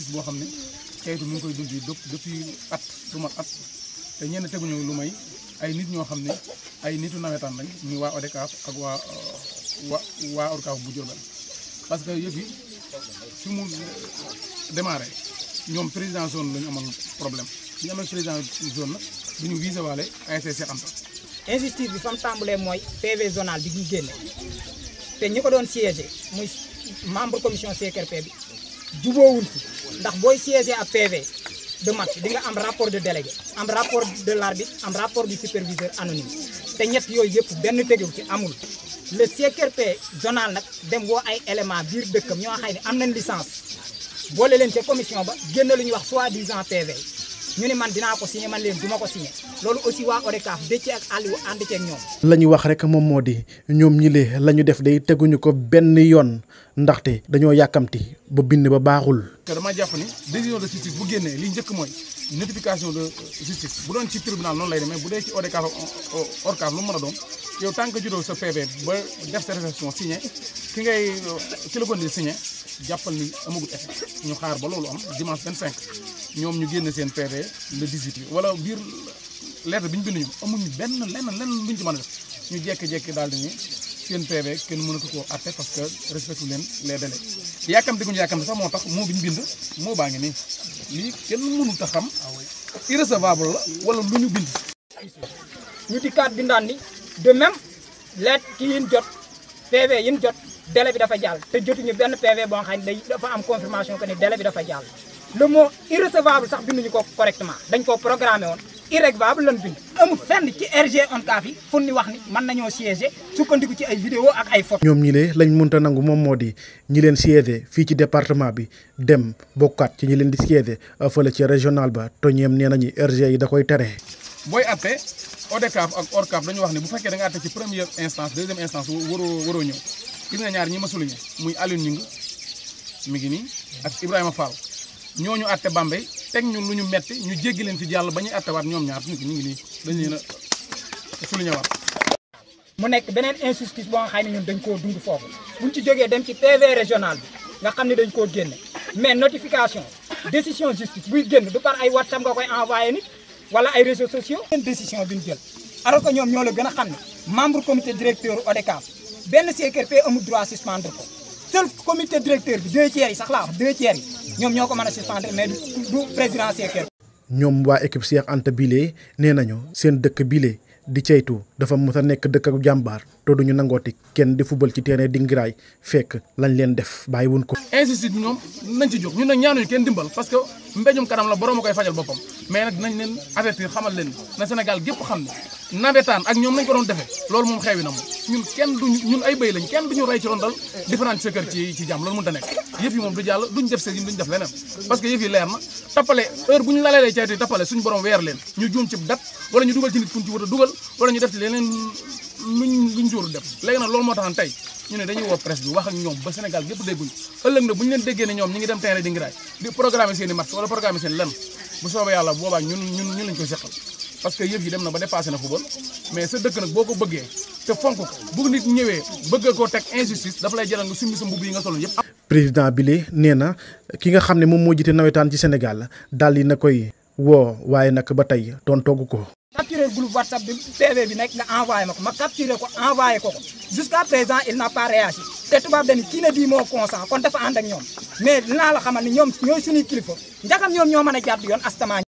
tis boo xam ne kayitu mu ngi koy dund yi depuis at lu mat at te ñenn teguñu lu may ay nit ñoo xam ne ay nitu nawetaan lañ muy waa ODCAV ak waa waa ODCAV bu Diourbel parce que yëf yi fi mu démarré ñoom président zone la ñu amoon problème bi ñu amee président zone nag ñu visé waale ASC am injustice bi fa mu tàmbalee mooy PV zonal bi ñu génne te ñi ko doon siégé muy membre commission CRP bi jubóowul ndax booy siégé ab PV de match di nga am rapport de délégué am rapport de l'arbitre am rapport du superviseur anonyme te ñett yooyu yëpp benn tegew ci amul le CRP zonal nag dem woo ay élément biir dëkkam ñoo xam ne am nañ licence boole leen ca commission ba génn lu ñuy wax soi-disant PV ñu ne man dinaa ko signé man leen du ma ko signé loolu aussi waa ODCAV Déthié ak Aliou ànd ceeg ñoom. la ñu wax rek moom moo di ñoom ñile la ñu def day teguñu ko benn yoon ndaxte dañoo yàkkamti ba bind ba baaxul. te dama jàpp ni décision de justice bu génnee li njëkk mooy notification de justice bu doon ci tribunal noonu lay demee bu dee ci ODCAV ORCAV lu mu mën a doon yow tant que juddoo sa PV ba def sa réception signé ki ngay ki la ko jàppal ni amagul effet ñu xaar ba loolu am dimanche cinq ñoom ñu génn seen PV le 18 wala biir. lettre bi ñu bind ñu benn lenn lenn luñ ci mën a def ñu jékki-jékki daal di ni seen PV kenn mënatu koo atte parce que respecté leen les délais yàkkamte guñu sax moo tax moo bi ñu bind moo baa ngi nii lii kenn mënut a xam irrecevable la wala lu ñu bind ñu dikkaat bindaan ni de même lettre ki yin jot PV yin jot délai bi dafa jàll te jotuñu benn PV boo xam ne day dafa am confirmation que ni délai bi dafa jàll le mot irrecevable sax binduñu ko correctement dañ ko programmé woon irrégable lañ bind amu fenn ci RG ONCAV yi fu ni wax ni man nañu siéger sukkandiku ci ay vidéo ak ay photo ñom ñi lee lañ mënta nangu mom modi ñi leen siéger fi ci département bi dem bokkat ci ñi leen di siéger euh, fële ci régional ba toñem nenañu RG yi da koy téré boy atte ODCAF ak ORCAF dañu wax ni bu fekké da nga atté ci première instance deuxième instance waroo waroo ñu gis nga ñaar ñi ma souligné muy Aliou Ning mi ngi ni ak Ibrahima Fall ñoñu atté Bambey tek ñun luñu metti ñu jéggi leen fi jàll bañu ñuy attewaat ñoom ñaar ñu ngi ni dañu leen a souligner mu nekk benen injustice bo xam ne ñun dañ ko dund fofu buñ ci joggé dem ci TV régional bi nga xamni dañ ko génné mais notification décision justice buy génn du par ay WhatsApp nga koy envoyer nit wala ay réseaux sociaux. une décision buñ jël alors que ñom ñoo la gëna xamni membre comité directeur ODCAV benn amu droit suspendre ko. seul commité directeur bi deux tiers yi sax laa wax deux tiers yi ñoom ñoo ko mën a suspendre mais du président Cheikh ñoom waa équipe Cheikh Anta bile nee nañu seen dëkk bile di ceytu dafa mës a nekk dëkk ak jàmbaar te duñu nangooti kenn di fubal ci terrain di ngiraay fekk lañ leen def bàyyi wun ko. insiste ñoom nañ ci jóg ñun nag ñaanuñu kenn dimbal parce que mbéjum kanam la borom a koy fajal boppam mais nag dinañ leen avertir xamal leen na Sénégal gépp xam ne nawetaan ak ñoom nañ ko doon defe loolu moom xewi na moom ñun kenn duñ ñun ay béy lañ kenn duñu ray ci rondal différent ci sa kër ci ci loolu mënut a nekk yëf yi moom du jàll duñ def seen yi def leneen parce que yëf yi ñu laleelee cayte tappale suñu borom weer a dugal wala ñu def ci leneen luñ luñ jóoru def léegi nag loolu moo taxan tey ñu ne dañuy woo presse bi wax ak ñoom ba Sénégal gépp dégguñ ëllëg na bu ñu leen déggee ne ñoom ñi ngi dem terrain di di programmer seen i match wala programmer seen lenn bu soobee yàlla parce que yëpp yi dem na ba dépassé na football boo ko bëggee te fonk ko bu nit ñëwee bëgg koo teg injustice dafa lay jaral nga summi sa mbubb yi nga soloon yëpp. président bile nee na ki nga xam ne moom moo jiite nawetaan ci senegal dal di na koy woo waaye nag ba tey doon togg ko. capturer groupe WhatsApp bi PV bi nekk nga envoyé ma ko ma capturer ko envoyé ko ko jusqu'à présent il n'a pas réagi te tubaab dañu kii ne di moo consent kon dafa ànd ak ñoom mais dinaa la xamal ñoo mën a